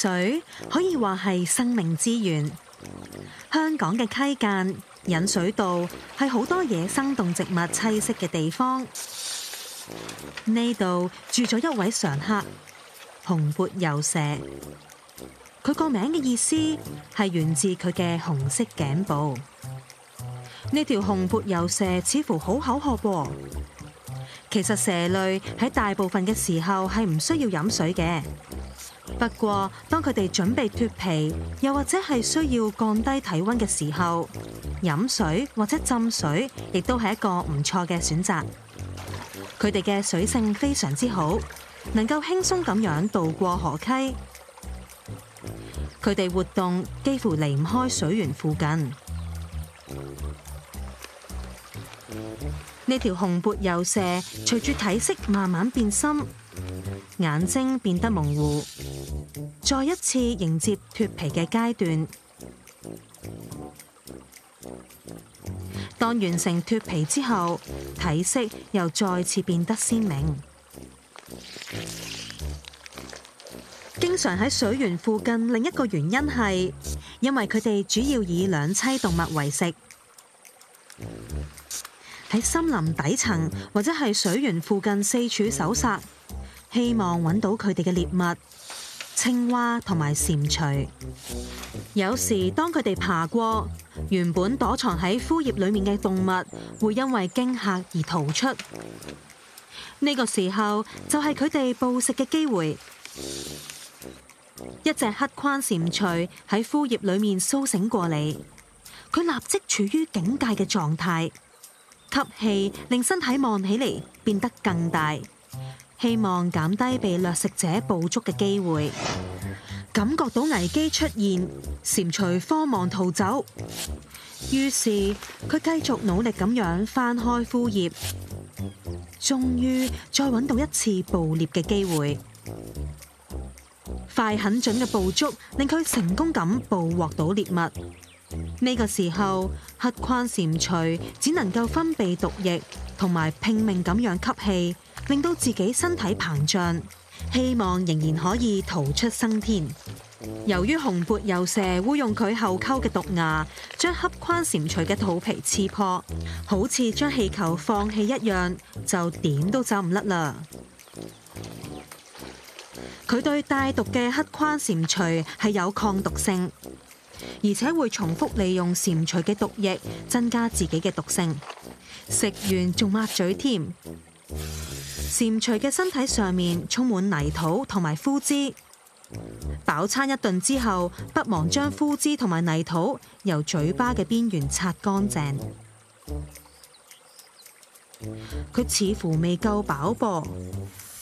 水可以話係生命之源。香港嘅溪澗、引水道係好多野生動植物棲息嘅地方。呢度住咗一位常客——紅脖游蛇。佢個名嘅意思係源自佢嘅紅色頸部。呢條紅脖游蛇似乎好口渴噃。其實蛇類喺大部分嘅時候係唔需要飲水嘅。不過，當佢哋準備脫皮，又或者係需要降低體溫嘅時候，飲水或者浸水，亦都係一個唔錯嘅選擇。佢哋嘅水性非常之好，能夠輕鬆咁樣渡過河溪。佢哋活動幾乎離唔開水源附近。呢 條紅脖游蛇隨住體色慢慢變深，眼睛變得模糊。再一次迎接脫皮嘅階段。當完成脫皮之後，體色又再次變得鮮明。經常喺水源附近，另一個原因係因為佢哋主要以兩棲動物為食，喺森林底層或者係水源附近四處搜殺，希望揾到佢哋嘅獵物。青蛙同埋蟾蜍，有時當佢哋爬過原本躲藏喺枯葉裏面嘅動物，會因為驚吓而逃出。呢個時候就係佢哋捕食嘅機會。一隻黑框蟾蜍喺枯葉裏面蘇醒過嚟，佢立即處於警戒嘅狀態，吸氣令身體望起嚟變得更大。希望減低被掠食者捕捉嘅機會。感覺到危機出現，蟾蜍慌忙逃走。於是佢繼續努力咁樣翻開枯葉，終於再搵到一次捕獵嘅機會。快狠準嘅捕捉令佢成功咁捕獲到獵物。呢個時候，黑框蟾蜍只能夠分泌毒液，同埋拼命咁樣吸氣。令到自己身體膨脹，希望仍然可以逃出生天。由於紅脖游蛇會用佢後溝嘅毒牙，將黑框蟾蜍嘅肚皮刺破，好似將氣球放氣一樣，就點都走唔甩啦。佢對帶毒嘅黑框蟾蜍係有抗毒性，而且會重複利用蟾蜍嘅毒液，增加自己嘅毒性。食完仲抹嘴添。蟾蜍嘅身體上面充滿泥土同埋枯枝，飽餐一頓之後，不忘將枯枝同埋泥土由嘴巴嘅邊緣擦乾淨。佢似乎未夠飽噃，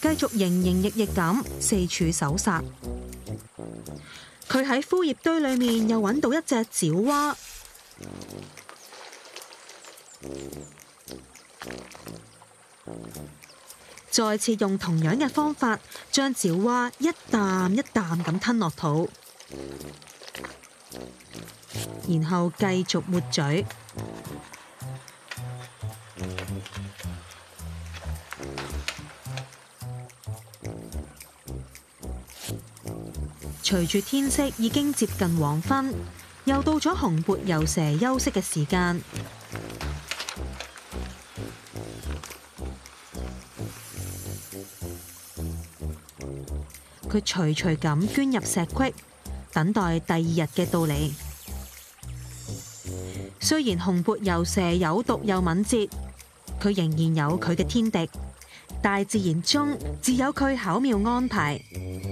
繼續營營役役咁四處搜殺。佢喺枯葉堆裏面又揾到一隻沼蛙。再次用同樣嘅方法，將沼蛙一啖一啖咁吞落肚，然後繼續抹嘴。隨住天色已經接近黃昏，又到咗紅脖游蛇休息嘅時間。佢徐徐咁捐入石窟，等待第二日嘅到嚟。雖然紅脖游蛇有毒又敏捷，佢仍然有佢嘅天敵。大自然中自有佢巧妙安排，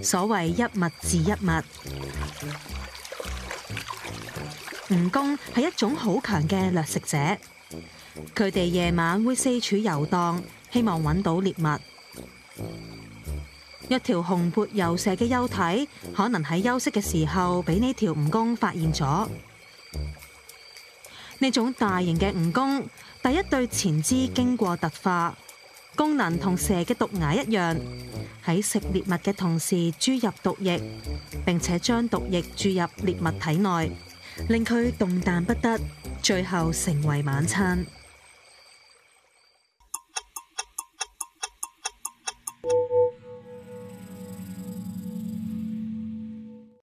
所謂一物治一物。蜈蚣係一種好強嘅掠食者，佢哋夜晚會四處遊蕩，希望揾到獵物。一條紅脖游蛇嘅幼體，可能喺休息嘅時候，俾呢條蜈蚣發現咗。呢種大型嘅蜈蚣，第一對前肢經過特化，功能同蛇嘅毒牙一樣，喺食獵物嘅同時注入毒液，並且將毒液注入獵物體內，令佢動彈不得，最後成為晚餐。